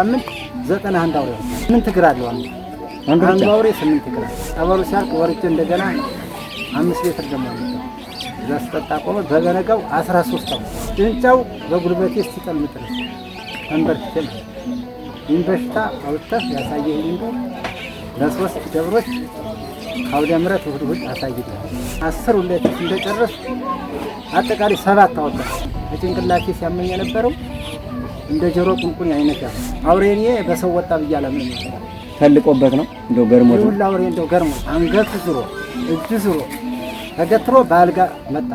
ሳምንት ዘጠና አንድ አውሬ ስምንት እግር አለው። አንዱ አውሬ ስምንት እግር አለው። ሲያልቅ ወርጄ እንደገና አምስት ሌትር ደግሞ እዛ ስጠጣ ቆመ። በበነጋው አስራ ሶስት አውሬ ጭንጫው በጉልበቴ ስትጠልምጥ ነው ተንበርክቼ ነው ይህን በሽታ አውጥተህ ያሳየህ እንዱ ለሶስት ደብሮች ከአውደ ምሕረት እሑድ እሑድ አሳይተሃል። አስር ሁለት እንደጨረስ አጠቃላይ ሰባት አወጣ። በጭንቅላቴ ሲያመኝ የነበረው እንደ ጆሮ ቁንቁን አይነት አውሬ እኔ በሰው ወጣ ብያለ ምን ፈልቆበት ነው እንደው ገርሞት ነው አውሬ እንደው ገርሞ አንገት ዝሮ እጅ ዝሮ ተገትሮ በአልጋ መጣ።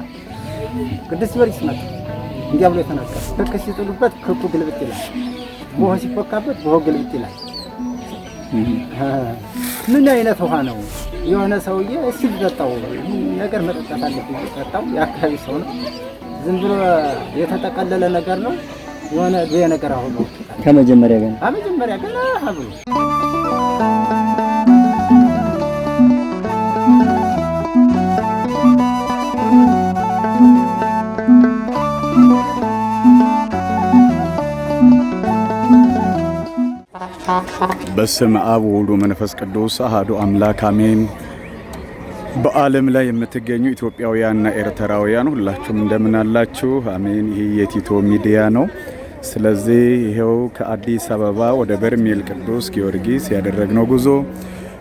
ቅዱስ ጊዮርጊስ መጣ እንዲያ ብሎ የተናገረ ክክ ሲጥሉበት ክኩ ግልብጥ ይላል፣ ውሃ ሲፎካበት ውሃ ግልብጥ ይላል። ምን አይነት ውሃ ነው? የሆነ ሰውዬ እስኪ ልጠጣው ነገር መጠጣት አለብኝ። ጠጣው። የአካባቢ ሰው ነው። ዝም ብሎ የተጠቀለለ ነገር ነው የሆነ ነገር አሁን ከመጀመሪያ ገና ከመጀመሪያ ገና በስም አብ ወልድ መንፈስ ቅዱስ አህዱ አምላክ አሜን። በዓለም ላይ የምትገኙ ኢትዮጵያውያንና ኤርትራውያን ሁላችሁም እንደምን አላችሁ? አሜን። ይህ የቲቶ ሚዲያ ነው። ስለዚህ ይሄው ከአዲስ አበባ ወደ በርሜል ቅዱስ ጊዮርጊስ ያደረግነው ጉዞ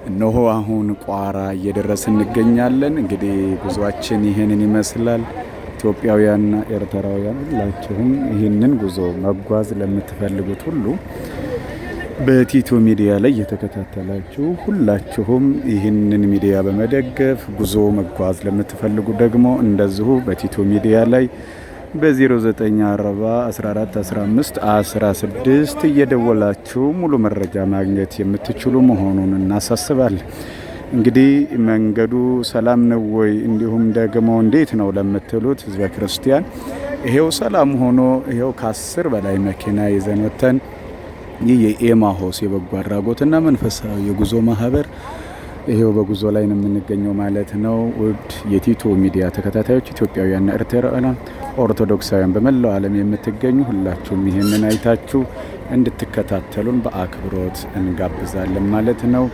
እነሆ አሁን ቋራ እየደረስ እንገኛለን። እንግዲህ ጉዞችን ይህንን ይመስላል። ኢትዮጵያውያንና ኤርትራውያን ሁላችሁም ይህንን ጉዞ መጓዝ ለምትፈልጉት ሁሉ በቲቶ ሚዲያ ላይ እየተከታተላችሁ ሁላችሁም ይህንን ሚዲያ በመደገፍ ጉዞ መጓዝ ለምትፈልጉ ደግሞ እንደዚሁ በቲቶ ሚዲያ ላይ በ0940141516 እየደወላችሁ ሙሉ መረጃ ማግኘት የምትችሉ መሆኑን እናሳስባለን። እንግዲህ መንገዱ ሰላም ነው ወይ እንዲሁም ደግሞ እንዴት ነው ለምትሉት ህዝበ ክርስቲያን ይሄው ሰላም ሆኖ ይሄው ከአስር በላይ መኪና ይዘን ይህ የኤማሆስ የበጎ አድራጎትና መንፈሳዊ የጉዞ ማህበር ይሄው በጉዞ ላይ ነው የምንገኘው ማለት ነው። ውድ የቲቶ ሚዲያ ተከታታዮች ኢትዮጵያውያንና ኤርትራውያን ኦርቶዶክሳውያን በመላው ዓለም የምትገኙ ሁላችሁም ይህንን አይታችሁ እንድትከታተሉን በአክብሮት እንጋብዛለን ማለት ነው።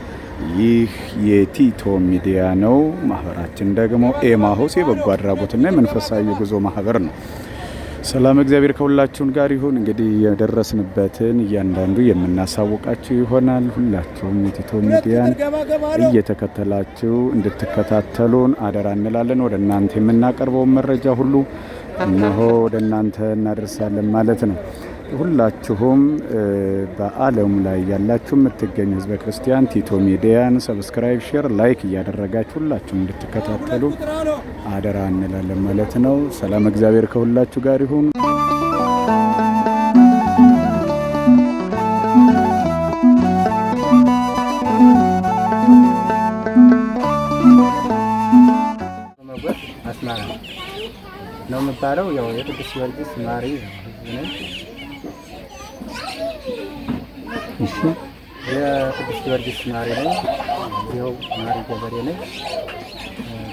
ይህ የቲቶ ሚዲያ ነው። ማህበራችን ደግሞ ኤማሆስ የበጎ አድራጎትና የመንፈሳዊ ጉዞ ማህበር ነው። ሰላም እግዚአብሔር ከሁላችሁን ጋር ይሁን። እንግዲህ የደረስንበትን እያንዳንዱ የምናሳውቃችሁ ይሆናል። ሁላችሁም የቲቶ ሚዲያን እየተከተላችሁ እንድትከታተሉን አደራ እንላለን። ወደ እናንተ የምናቀርበውን መረጃ ሁሉ እነሆ ወደ እናንተ እናደርሳለን ማለት ነው። ሁላችሁም በዓለም ላይ ያላችሁ የምትገኙ ህዝበ ክርስቲያን ቲቶ ሚዲያን ሰብስክራይብ፣ ሼር፣ ላይክ እያደረጋችሁ ሁላችሁም እንድትከታተሉ አደራ እንላለን ማለት ነው። ሰላም እግዚአብሔር ከሁላችሁ ጋር ይሁን። ነው የሚባለው ያው የቅዱስ ጊዮርጊስ ማሪ የቅዱስ ጊዮርጊስ ማሪ ነው። ይኸው ማሬ ገበሬ ነኝ።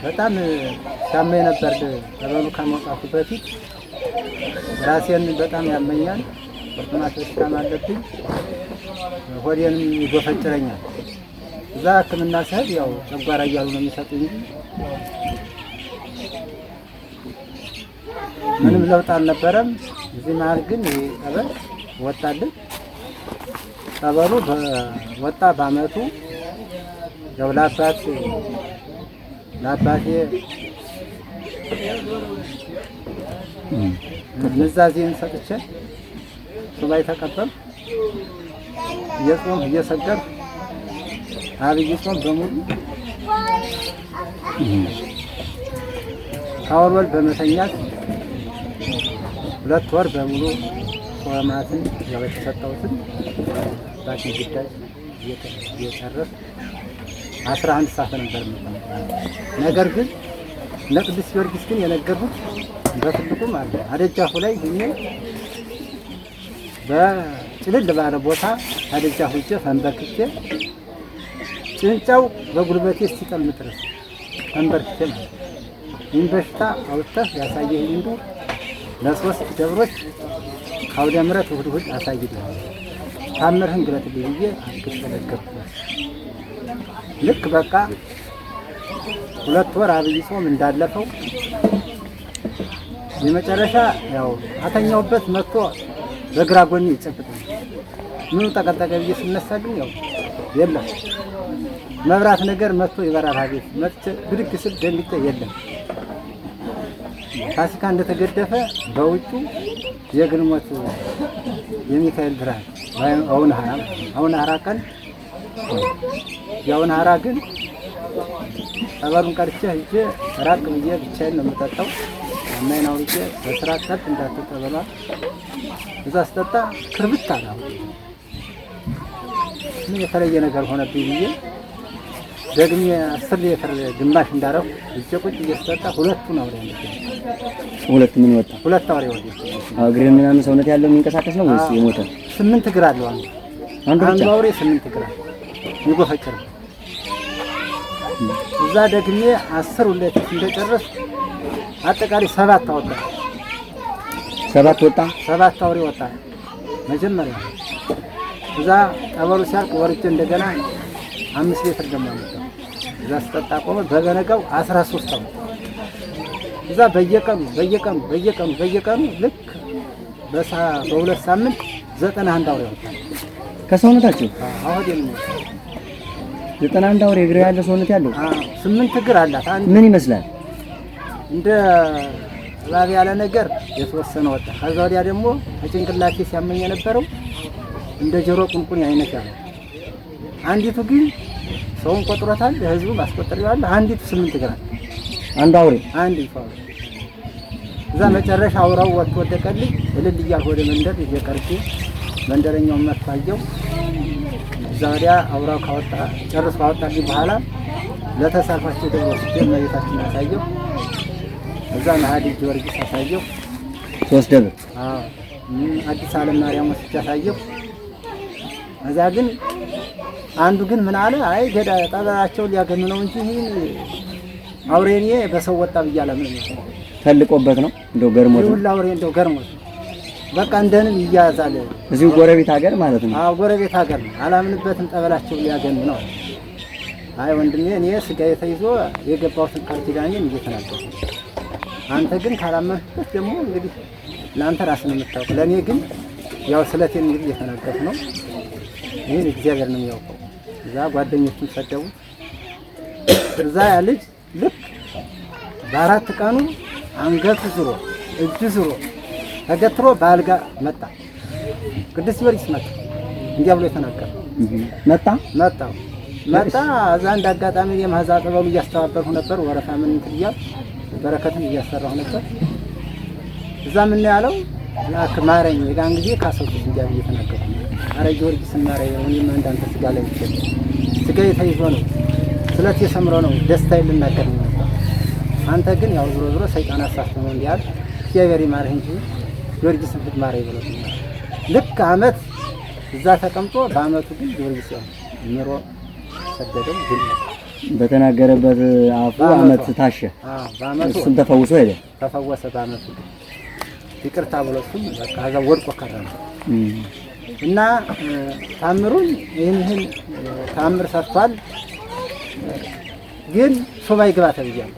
በጣም ሲያመኝ ነበር። ጠበሉ ከመውጣቱ በፊት ራሴን በጣም ያመኛል። በጥናት በሽታም አለብኝ። ሆዴንም ይጎፈጭረኛል። እዛ ሕክምና ስሄድ ያው ጨጓራ እያሉ ነው የሚሰጡ እንጂ ምንም ለውጥ አልነበረም። እዚህ መሀል ግን ይህ ቀበል ወጣልን። ጠበሉ ወጣ በአመቱ ያው ለአባት ለአባቴ ኑዛዜን ሰጥቼ ሱባኤ ተቀበል እየጾም እየሰገር አብይ ጾም በሙሉ ታወርወል በመተኛት ሁለት ወር በሙሉ ጾማትን የተሰጠሁትን በአሽን ጉዳይ እየጨረስ አስራ አንድ ሰዓት ነበር ነገር ግን ለቅዱስ ጊዮርጊስ ግን የነገርኩት በትልቁም አለ አደጃፉ ላይ ሁኜ በጭልል ባለ ቦታ አደጃፉ ውጭ ፈንበርክቼ ጭንጫው በጉልበቴ እስኪጠልም ድረስ ፈንበርክቼ ማለት ይህን በሽታ አውጥተህ ያሳየህ እንዱ ለሶስት ደብሮች ከአውደ ምሕረት እሑድ እሑድ አሳይልሃል። ታምርህን ግለት ብዬ አልገሸለገብኩ። ልክ በቃ ሁለት ወር አብይ ጾም እንዳለፈው የመጨረሻ ያው አተኛውበት መጥቶ በግራ ጎኔ ይጨብጥ ምኑ ጠቀጠቀ ብዬ ስነሳልኝ ያው የለም መብራት ነገር መጥቶ የበራራ ቤት መጥቼ ብድግ ስል ደንግጬ የለም ፋሲካ እንደተገደፈ በውጩ የግንሞት የሚካኤል ብርሃን አውንሃራ አውንሃራ ቀን የአውንሃራ ግን ጠበሩን ቀርቼ ሂጄ ራቅ ብዬ ብቻዬን ነው የምጠጣው። አናይን አውርጄ በስራ ቀጥ እንዳትጠበሏል እዛ ስጠጣ ክርብት አለ። ምን የተለየ ነገር ሆነብኝ ብዬ ደግሜ አስር ሊትር ግማሽ እንዳረፍ እጀ ቁጭ እየተጠጣ ሁለቱ ነው ወደ ሁለቱ ምን ወጣ ሁለት አውሬ ወደ እግር ምናምን ሰውነት ያለው የሚንቀሳቀስ ነው ወይስ የሞተ? ስምንት እግር አለው አንዱ አንዱ አውሬ ስምንት እግር አለው ይጎፈጭር። እዛ ደግሜ አስር ሁለት እንደጨረስ አጠቃላይ ሰባት ወጣ ሰባት ወጣ ሰባት አውሬ ወጣ። መጀመሪያ እዛ ቀበሩ ሲያልቅ ወርጄ እንደገና አምስት ሌትር ደግሞ እዛ ስጠጣ ቆመ። በነጋው አስራ ሶስት ዓመት እዛ በየቀኑ በየቀኑ በየቀኑ በየቀኑ ልክ በሁለት ሳምንት ዘጠና አንድ አውሬ ያወጣል ከሰውነታቸው አሁን ዘጠና አንድ አውሬ እግር ያለ ሰውነት ያለው ስምንት እግር አላት። ምን ይመስላል? እንደ እባብ ያለ ነገር የተወሰነ ወጣ። ከዛ ወዲያ ደግሞ ከጭንቅላቴ ሲያመኝ የነበረው እንደ ጆሮ ቁንቁን አይነት ያለው አንዲቱ ግን ሰውን ቆጥሮታል፣ ህዝቡ ማስቆጠር ያለ አንዲቱ ስምንት ግራም አንድ አውሬ አንድ ይፋው እዛ መጨረሻ አውራው ወጥቶ ወደቀልኝ። እልል እያልኩ ወደ መንደር እየቀርኩ መንደረኛው መጥፋየው እዛ አውራው ካወጣ ጨርስ ካወጣልኝ በኋላ ለተሳልፋቸው ደግሞ ስጀመ ቤታችን ያሳየው እዛ መሀዲ ጊዮርጊስ ያሳየው ሶስት ደብር አዲስ ዓለም ማርያም ወስጃ ያሳየው እዛ ግን አንዱ ግን ምን አለ? አይ ገዳ ጠበላቸውን ሊያገኙ ነው እንጂ ይህን አውሬኔ በሰው ወጣ ብያለ ምን ተልቆበት ነው እንደው ገርሞት ነው ሁላ አውሬ እንደው ገርሞት በቃ እንደንም ይያዛል። እዚሁ ጎረቤት ሀገር ማለት ነው። አዎ ጎረቤት ሀገር ነው። አላምንበትም። ጠበላቸውን ሊያገኙ ነው። አይ ወንድሜ እኔ ስጋ የተይዞ የገባሁትን ቃል ኪዳኔን እየተናገርኩ አንተ ግን ካላመንበት ደግሞ እንግዲህ ለአንተ ራስን የምታውቅ ለእኔ ግን ያው ስለቴን እንግዲህ እየተናገርኩ ነው። ይህን እግዚአብሔር ነው የሚያውቀው። እዛ ጓደኞቹን ሰደቡ። እዛ ያ ልጅ ልክ በአራት ቀኑ አንገቱ ዝሮ እጅ ዝሮ ተገትሮ በአልጋ መጣ። ቅዱስ ጊዮርጊስ መጣ። እንዲያ ብሎ የተናገረ መጣ መጣ መጣ። እዛ እንደ አጋጣሚ የማዛ ጥበሉ እያስተባበርሁ ነበር። ወረፋ ምን ትያል በረከትም እያሰራሁ ነበር። እዛ ምን ያለው ማረኝ የጋን ጊዜ ካሰብኩት እንዲያ ብዬ ተናገርኩ። አረ ጊዮርጊስ ማረ እኔም እንዳንተ ስጋ ላይ ይችል ስጋ የተይዞ ነው ስለት የሰምሮ ነው ደስታ ልናገር ነው። አንተ ግን ያው ዝሮ ዝሮ ሰይጣን አሳስተሞ እንዲያል እግዚአብሔር ይማርህ እንጂ ጊዮርጊስ ፍት ማረ ይብሎ ልክ አመት እዛ ተቀምጦ በአመቱ ግን ጊዮርጊስ ያው ኒሮ ሰደደው ግን በተናገረበት አፉ አመት ታሸ። እሱም ተፈውሶ ሄደ ተፈወሰ። በአመቱ ይቅርታ ብሎ እሱም በቃ እዛ ወድቆ ከረመ። እና ታምሩን ይህን ይህን ታምር ሰርቷል፣ ግን ሱባይ ግባ ተብያለሁ።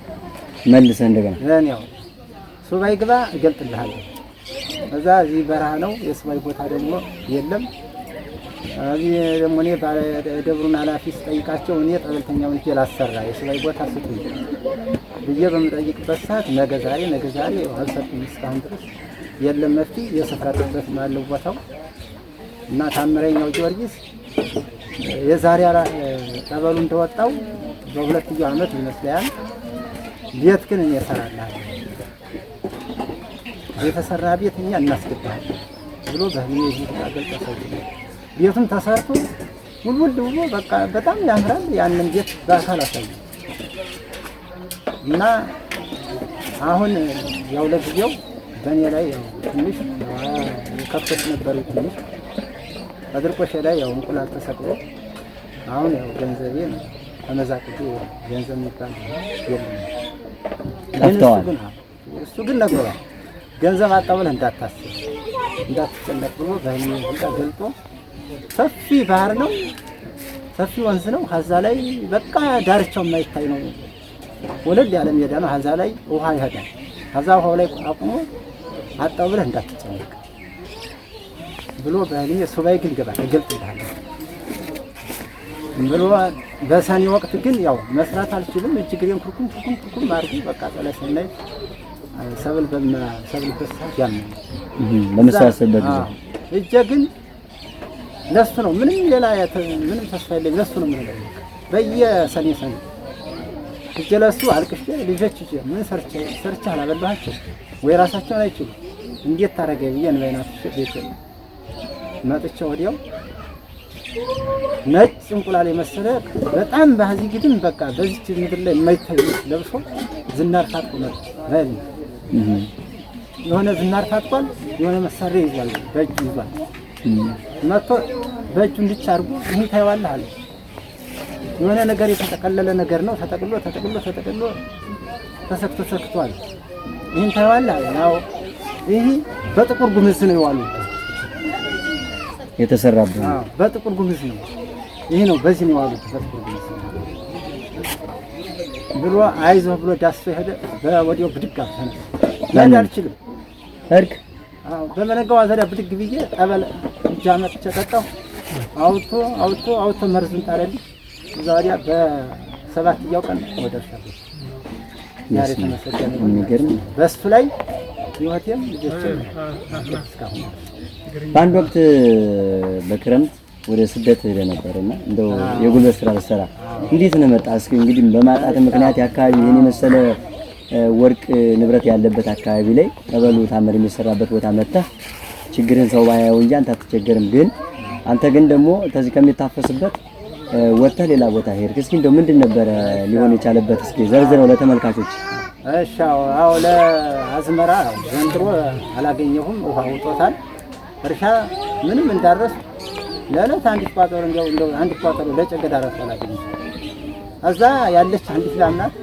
መልሰ እንደገና ያው ሱባኤ ግባ እገልጥልሃለሁ። እዛ እዚህ በረሃ ነው፣ የሱባይ ቦታ ደግሞ የለም። እዚህ ደግሞ እኔ ደብሩን ኃላፊ ስጠይቃቸው እኔ ጠበልተኛ እጄ ላሰራ የሱባይ ቦታ ስጡ ብዬ በምጠይቅበት ሰዓት ነገ ዛሬ ነገ ዛሬ አልሰጡም እስካሁን ድረስ የለም መፍትሄ የስፍራ ጥበት ማለው ቦታው እና ታምረኛው ጊዮርጊስ የዛሬ ጠበሉን ተወጣው በሁለትኛው ዓመት ይመስለኛል። ቤት ግን እኔ እሰራልሃለሁ የተሰራ ቤት እኛ እናስገባለን ብሎ በህልሜ ገለጸው። ቤቱም ተሰርቶ ውልውል ብሎ በቃ በጣም ያምራል። ያንን ቤት በአካል አሳዩ እና አሁን ያው ለጊዜው በእኔ ላይ ትንሽ ከብቶች ነበሩ ትንሽ በድርቆሼ ላይ ያው እንቁላል ተሰቅሎ አሁን ያው ገንዘቤ ነው ተመዛቅጡ ገንዘብ የሚባል የለም። እሱ ግን ነግሯል። ገንዘብ አጣ ብለህ እንዳታስብ እንዳትጨነቅ ብሎ በህኒ ገልጦ ሰፊ ባህር ነው፣ ሰፊ ወንዝ ነው። ከዛ ላይ በቃ ዳርቻው የማይታይ ነው። ወለድ ያለ ሜዳ ነው። ከዛ ላይ ውሃ ይሄዳል። ከዛ ውሃው ላይ አቁሞ አጣ ብለህ እንዳትጨነቅ ብሎ በእኔ ሱባኤ ግን ይገባል ይገልጥልሃል ብሎ በሰኔ ወቅት ግን ያው መስራት አልችልም። እጅግሬን ኩርኩም ኩርኩም ኩርኩም አድርጊ በቃ ጠለሰን ላይ ሰብል በሰብልበት ሰዓት ያምናል በመሳሰበት ጊዜ እጄ ግን ለሱ ነው። ምንም ሌላ ምንም ተስፋ የለኝ ለሱ ነው። ምን በየሰኔ ሰኔ እጄ ለሱ አልቅሽ ልጆች እጄ ምን ሰርቻ ሰርቼ አላበላኋቸው ወይ ራሳቸውን አይችሉ እንዴት ታደረገ ብዬ እንበይናት ቤት መጥቼ ወዲያው ነጭ እንቁላል የመሰለ በጣም ባህዚ ግድም በቃ በዚች ምድር ላይ የማይታይ ለብሶ ዝናር ታጥቆ መጣ። የሆነ ዝናር ታጥቋል፣ የሆነ መሳሪያ ይዟል፣ በእጁ ይዟል። መጥቶ በእጁ እንድቻ አድርጎ ይህን ታይዋለህ አለ። የሆነ ነገር የተጠቀለለ ነገር ነው። ተጠቅሎ ተጠቅሎ ተጠቅሎ ተሰክቶ ተሰክቷል። ይህን ታይዋለህ አለ። ያው ይህ በጥቁር ጉምዝ ነው የዋሉ የተሰራበት በጥቁር ጉምዝ ነው። ይሄ ነው። በዚህ ነው ያሉት በጥቁር ጉምዝ ብሎ አይዞህ ብሎ ዳስቶ ሄደ። በወዲያው ብድግ አፈነ። ያን አልችልም እርግ በመለጋው አዘዳ ብድግ ብዬ ጠበል እጃ መጥቼ ጠጣሁ። አውቶ አውቶ አውቶ መርዝን ጣለልኝ። እዛ ወዲያ በሰባት እያውቀን ወደ እርሻ በሱ ላይ ህይወቴም እስካሁን በአንድ ወቅት በክረምት ወደ ስደት ሄደ ነበርና እንደው የጉልበት ስራ ልሰራ እንዴት ነው መጣ? እስኪ እንግዲህ በማጣት ምክንያት የአካባቢ ይሄን የመሰለ ወርቅ ንብረት ያለበት አካባቢ ላይ ጠበሉ ታመድ የሚሰራበት ቦታ መጥተህ ችግርን ሰው ባያየው እንጂ አንተ አትቸገርም። ግን አንተ ግን ደግሞ ተዚህ ከሚታፈስበት ወጥተህ ሌላ ቦታ ሄድክ። እስኪ እንደው ምንድን ነበረ ሊሆን የቻለበት? እስኪ ዘርዝረው ለተመልካቾች እሻው አው ለአዝመራ ዘንድሮ አላገኘሁም። ውሃ ውጦታል። እርሻ ምንም እንዳረስ ለእለት አንድ ቋጠሮ እንደው እንደው አንድ ቋጠሮ ለጨገዳ ራሱ አላገኘሁም። እዛ ያለች አንዲት ላም ናት።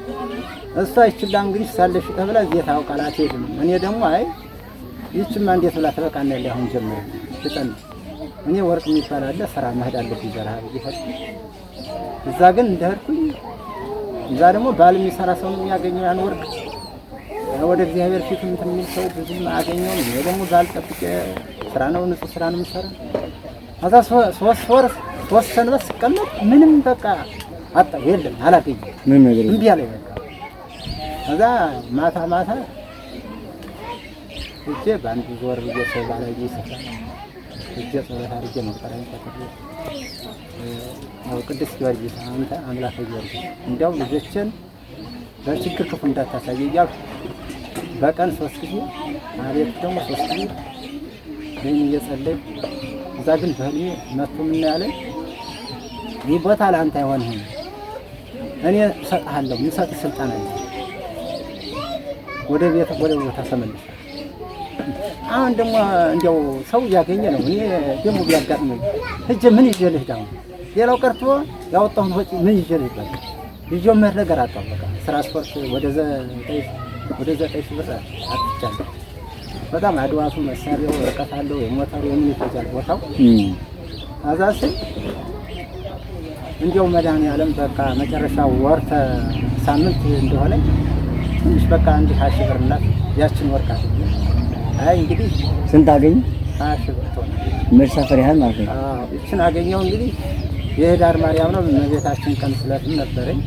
እሷ ይችላ እንግዲህ ሳለሽ ተብላ እዚህ ታውቃል አትሄድም። እኔ ደግሞ አይ ይችማ እንዴት ብላ ትበቃና ያለ አሁን ጀምር ትጠን እኔ ወርቅ የሚባል አለ ስራ መሄድ አለብኝ በረሃብ ይፈጥ እዛ ግን እንደሄድኩኝ እዛ ደግሞ ባል የሚሰራ ሰው የሚያገኘው ያን ወርቅ ወደ እግዚአብሔር ፊት እንትን የሚል ሰው ብዙም አያገኘውም። ይሄ ደግሞ ባል ጠብቄ ስራ ነው፣ ንጹህ ስራ ነው የምሰራ። አዛ ሶስት ወር ሶስት ሰንበት ስቀመጥ ምንም በቃ አጣ የለም አላገኘም። ምን ነገር እንዴ ያለ በቃ አዛ ማታ ማታ እጄ በአንድ ዞር ብዬ ሰው ባላየ ይሰራ እጄ ጸሎት አድርጌ መቁጠሪያ ተቀበለ ቅዱስ ጊዮርጊስ አንተ አምላከ ጊዮርጊስ እንዲያው ልጆችን በችግር ክፉ እንዳታሳየ እያልኩ በቀን ሶስት ጊዜ አቤት ደግሞ ሶስት ጊዜ ይህን እየጸለይ እዛ ግን በህልሜ መቶ ምና ያለ ይህ ቦታ ለአንተ አይሆንህም፣ እኔ እሰጥሃለሁ፣ የምሰጥህ ስልጣን አለ። ወደ ቤት ወደ ቦታ ተመልሷል። አሁን ደግሞ እንደው ሰው እያገኘ ነው። እኔ ደግሞ ቢያጋጥም እጅ ምን ይዤ ልሂድ? ሌላው ቀርቶ ያወጣሁን ወጪ ምን ይዤ ይባል ይዤ መሄድ ነገር አጣሁ። በቃ ስራ ስፖርት ወደ ዘጠኝ ሺህ ብር አጥቻለሁ። በጣም አድዋሱ መሳሪያው ወረቀት አለው የሞተሩ የምን ይፈጃል ቦታው አዛ ስል እንዲያው መድኃኒዓለም በቃ መጨረሻ ወር ሳምንት እንደሆነ ትንሽ በቃ አንድ ሀያ ብር እናት ያችን ወርቃት አይ እንግዲህ ስንት አገኘ? ምር ሰፈር ያህል ማለት ነው። እችን አገኘው እንግዲህ የህዳር ማርያም ነው እመቤታችን ቀን ስለትም ነበረኝ።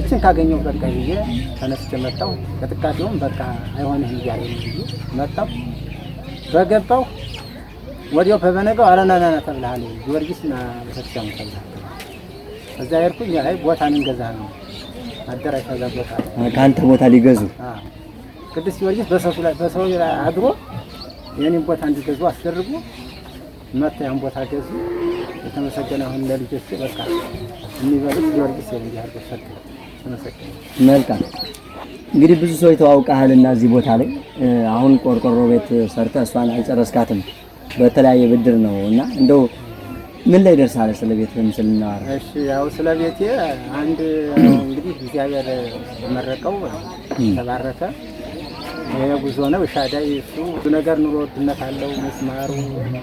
እችን ካገኘው በቃ ይዤ ተነስቼ መጣሁ። ከጥቃቴውም በቃ አይሆንህ እያለ መጣሁ። በገባሁ ወዲያው በበነጋው አረናናና ተብልሃል ጊዮርጊስ ና ቤተክርስቲያኑ ተብልሃል። እዛ ሄድኩኝ። አይ ቦታ እንገዛ ነው አዳራሽ፣ ከዛ ቦታ ከአንተ ቦታ ሊገዙ ቅዱስ ጊዮርጊስ በሰው ላይ ላይ በሰው አድሮ የኔን ቦታ እንዲገዙ አስደርጉ መጣ ያን ቦታ ገዙ። የተመሰገነ አሁን ለልጆች በቃ የሚበሉት ጊዮርጊስ የል ያርገ አድርጎ ተመሰገነ። መልካም እንግዲህ ብዙ ሰው የተዋውቀሃልና እዚህ ቦታ ላይ አሁን ቆርቆሮ ቤት ሰርተ እሷን አይጨረስካትም በተለያየ ብድር ነው እና እንደው ምን ላይ ደርሳለ? ስለ ቤት ምስል እናዋራ። እሺ ያው ስለ ቤቴ አንድ እንግዲህ እግዚአብሔር መረቀው ተባረከ ጉዞ ነው። እሻዳ እሱ ብዙ ነገር ኑሮ ውድነት አለው። መስማሩ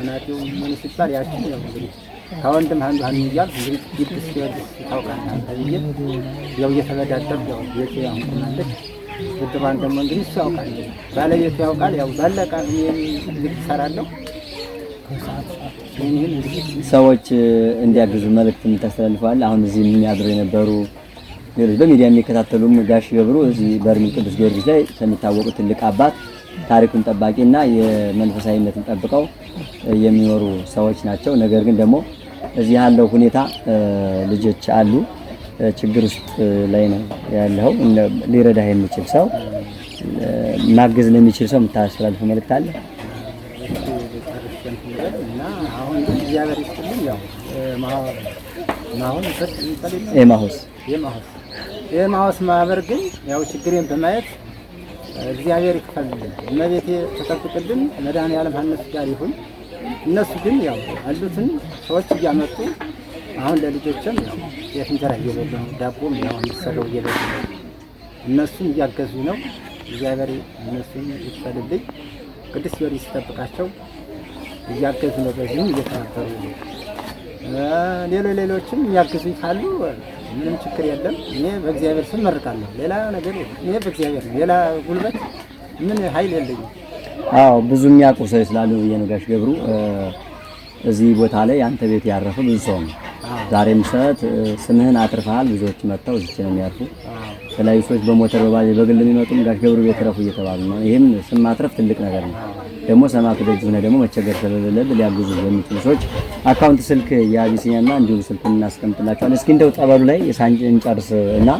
ናጤው ምን ሲባል ያችን ያው እንግዲህ ከወንድም አንዱ አንዱ እያል እንግዲህ ግብስ ሲወድስ ታውቃለህ ተብዬ ያው እየተበዳደር ያው ቤቴ ያንቁናለች ብድሯን ደግሞ እንግዲህ እሱ ያውቃል፣ ባለቤቱ ያውቃል። ያው ባለቃ ይህን እንግዲህ ሰዎች እንዲያግዙ መልእክት የምታስተላልፈዋል። አሁን እዚህ የሚያድሩ የነበሩ ሌሎች በሚዲያ የሚከታተሉም ጋሽ ገብሩ እዚህ በርሜል ቅዱስ ጊዮርጊስ ላይ ከሚታወቁ ትልቅ አባት ታሪኩን ጠባቂና የመንፈሳዊነትን ጠብቀው የሚኖሩ ሰዎች ናቸው። ነገር ግን ደግሞ እዚህ ያለው ሁኔታ ልጆች አሉ ችግር ውስጥ ላይ ነው ያለው። ሊረዳህ የሚችል ሰው ማገዝ ለሚችል ሰው የምታስተላልፈው መልእክት አለ? የማሆስ የኤማሁስ ማህበር ግን ያው ችግሬን በማየት እግዚአብሔር ይክፈልልን፣ እመቤቴ ተጠብቅልን፣ መድኃኔዓለም ከእነሱ ጋር ይሁን። እነሱ ግን ያው አሉትን ሰዎች እያመጡ አሁን ለልጆችም ያው ጤፍ እንጀራ እየበሉ ነው፣ ዳቦም ያው የሚሰራው እየበሉ ነው። እነሱም እያገዙ ነው። እግዚአብሔር እነሱም ይክፈልልኝ፣ ቅዱስ ጊዮርጊስ ይጠብቃቸው። እያገዙ ነው፣ በዚህም እየተባበሩ ነው። ሌሎች ሌሎችም እያገዙ ካሉ ምንም ችግር የለም። እኔ በእግዚአብሔር ስም መርቃለሁ። ሌላ ነገር እኔ በእግዚአብሔር ሌላ ጉልበት ምን ኃይል የለኝም። አዎ ብዙ የሚያውቁ ሰው ስላሉ ብዬ ነው። ጋሽ ገብሩ እዚህ ቦታ ላይ አንተ ቤት ያረፈ ብዙ ሰው ነው። ዛሬም ሰዓት ስምህን አትርፈሃል። ብዙዎች መጥተው እዚህ ነው የሚያርፉ። የተለያዩ ሰዎች በሞተር በባጃጅ በግል የሚመጡም ጋሽ ገብሩ ቤት ረፉ እየተባሉ ነው። ይህም ስም ማትረፍ ትልቅ ነገር ነው። ደግሞ ሰማዕቱ ደጅ ሆነ ደግሞ መቸገር ስለሌለብ ሊያግዙ የሚችሉ ሰዎች አካውንት ስልክ የአቢሲኒያና እንዲሁም ስልክ እናስቀምጥላቸዋል። እስኪ እንደው ጠበሉ ላይ እንጨርስ እና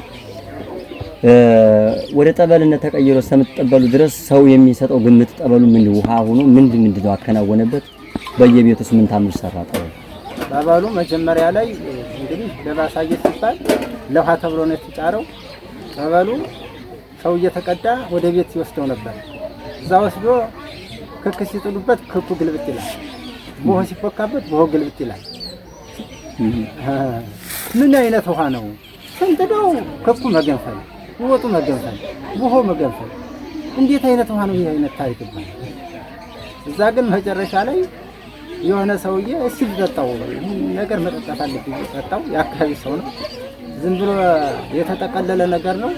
ወደ ጠበልነት ተቀይሮ እስከምትጠበሉ ድረስ ሰው የሚሰጠው ግምት ጠበሉ ምን ውሃ ሆኖ ምንድን ምንድን ነው አከናወነበት? በየቤቱ ስምንት ምን ታምር ሰራ ጠበሉ? ጠበሉ መጀመሪያ ላይ እንግዲህ ለማሳየት ሲባል ለውሃ ተብሎ ነው የተጫረው። ጠበሉ ሰው እየተቀዳ ወደ ቤት ይወስደው ነበር እዛ ወስዶ ክክ ሲጥሉበት ክኩ ግልብት ይላል። ቦሆ ሲፎካበት ቦሆ ግልብት ይላል። ምን አይነት ውሃ ነው? ስንጥደው ክኩ መገንፈል፣ ወጡ መገንፈል፣ ውሃው መገንፈል። እንዴት አይነት ውሃ ነው? ይህ አይነት ታሪክ ይባል። እዛ ግን መጨረሻ ላይ የሆነ ሰውዬ እስኪ ልጠጣው ነገር መጠጣት አለብኝ። ጠጣው። የአካባቢ ሰው ነው። ዝም ብሎ የተጠቀለለ ነገር ነው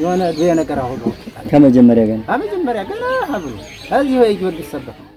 የሆነ ነገር አሁን ከመጀመሪያ ገና ከመጀመሪያ ገና ሀብሉ እዚህ ወይ ጊዮርጊስ ሰበክ